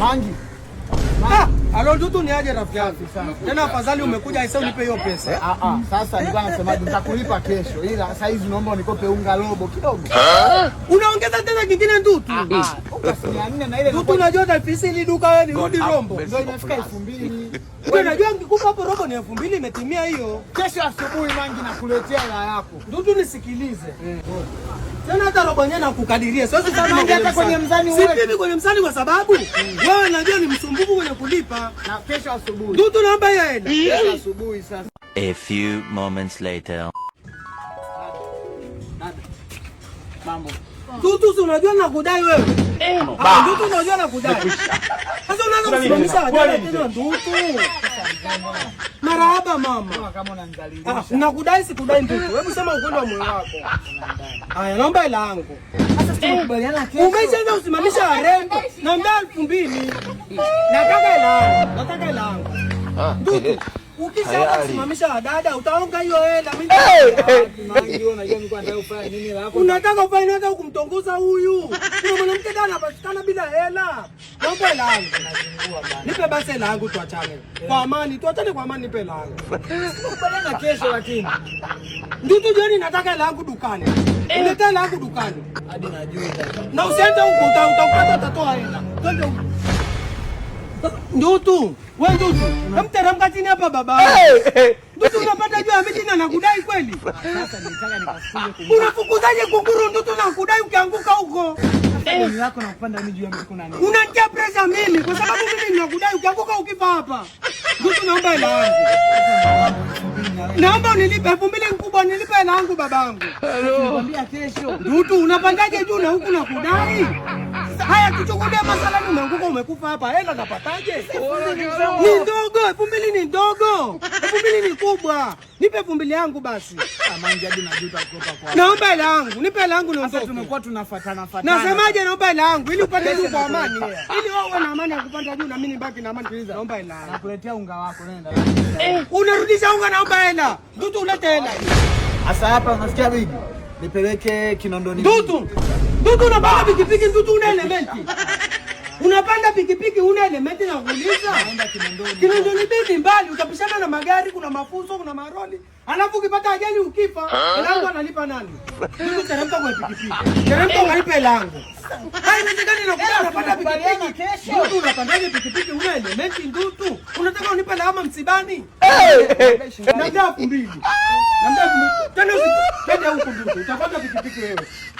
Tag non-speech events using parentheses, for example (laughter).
Mangi. Alondutu ah! ah! ni aje rafiki yangu. Tena afadhali umekuja aisee unipe hiyo pesa. Eh, ah ah. Sasa nilikuwa nasemaje nitakulipa kesho ila sasa hizi naomba unikope unga robo kidogo. Ah! Unaongeza tena kingine ndutu. Ah ah. Uka na ile ndutu unajua tafisi ili duka wewe ni rudi rombo. Ndio inafika 2000. (laughs) Wewe Unajua ngikupa hapo robo ni elfu mbili imetimia hiyo. Kesho asubuhi mangi nakuletea la yako. Ndugu tu nisikilize. Tena hata robo yenyewe nakukadiria. Siwezi kama mangi hata kwenye mzani wewe. Sipimi kwenye mzani kwa sababu wewe unajua ni msumbufu kwenye kulipa. Na kesho asubuhi. Ndugu naomba hiyo hela. Kesho asubuhi sasa. A few moments later. Mambo. Ndugu unajua nakudai wewe. Ah, ndugu unajua nakudai. Sasa unaanza kusimamisha wajana tena ndugu. Marahaba mama. Ah, nakudai sikudai ndugu. Hebu sema ukweli wa moyo wako. Haya, naomba hela yangu. Umeshaanza kusimamisha warembo. Naomba elfu mbili. Nataka hela yangu. Nataka hela yangu. Ah. Ndugu. Ukisha kusimamisha wadada utaonga hiyo hela. Unataka ufanye unataka kumtongoza huyu. Kuna mwanamke dada anapatikana bila hela. Naomba hela yangu. Nipe basi hela yangu tuachane. Kwa amani, tuachane kwa amani nipe hela yangu. Sikubaliana kesho lakini. Ndio jioni nataka hela yangu dukani. Nileta hela yangu dukani. Hadi najua. Na usiende huko utakupata utatoa hela. Twende huko. Ndutu, wewe ndutu, hamteremka chini hapa baba. Ndutu unapata (laughs) juu ya miti na nakudai kweli? Unafukuzaje kunguru ndutu na kudai ukianguka huko? Unanitia pressure mimi kwa sababu mimi nakudai ukianguka ukifa hapa. Ndutu naomba hela yangu. Naomba unilipe elfu mbili mkubwa nilipe hela yangu babangu. Nikwambia kesho. Ndutu unapandaje juu na huku nakudai? Haya, tuchukulie ni umeanguka umekufa hapa, hela napataje? Ni ndogo, elfu mbili ni ndogo, elfu mbili ni kubwa. Nipe elfu mbili yangu basi. Naomba hela yangu, nipe hela yangu niondoke. Tumekuwa tunafuatana fuatana. Nasemaje? Naomba hela yangu ili upate juu kwa amani, ili wewe uwe na amani ya kupanda juu na mimi nibaki na amani. Tuliza, naomba hela Nakuletea unga wako, nenda. Eh, unarudisha unga, naomba hela. Mtu ulete hela. Asa hapa unasikia bigi? Nipeleke Kinondoni. Ndutu. Ndutu unapanda pikipiki ndutu una elementi. (laughs) Unapanda pikipiki una elementi na kuuliza. Kinondoni bibi mbali utapishana na magari kuna mafuso kuna maroli. Alafu ukipata ajali ukifa, lango analipa nani? Ndutu teremka kwa pikipiki. Teremka ungalipe lango. Hai nizikani na kuta unapanda pikipiki kesho. Ndutu unapandaje pikipiki una elementi ndutu? Unataka unipe lawama msibani? Namda 2000. Namda 2000. Tena 돈 들고 자 반짝이 삐삐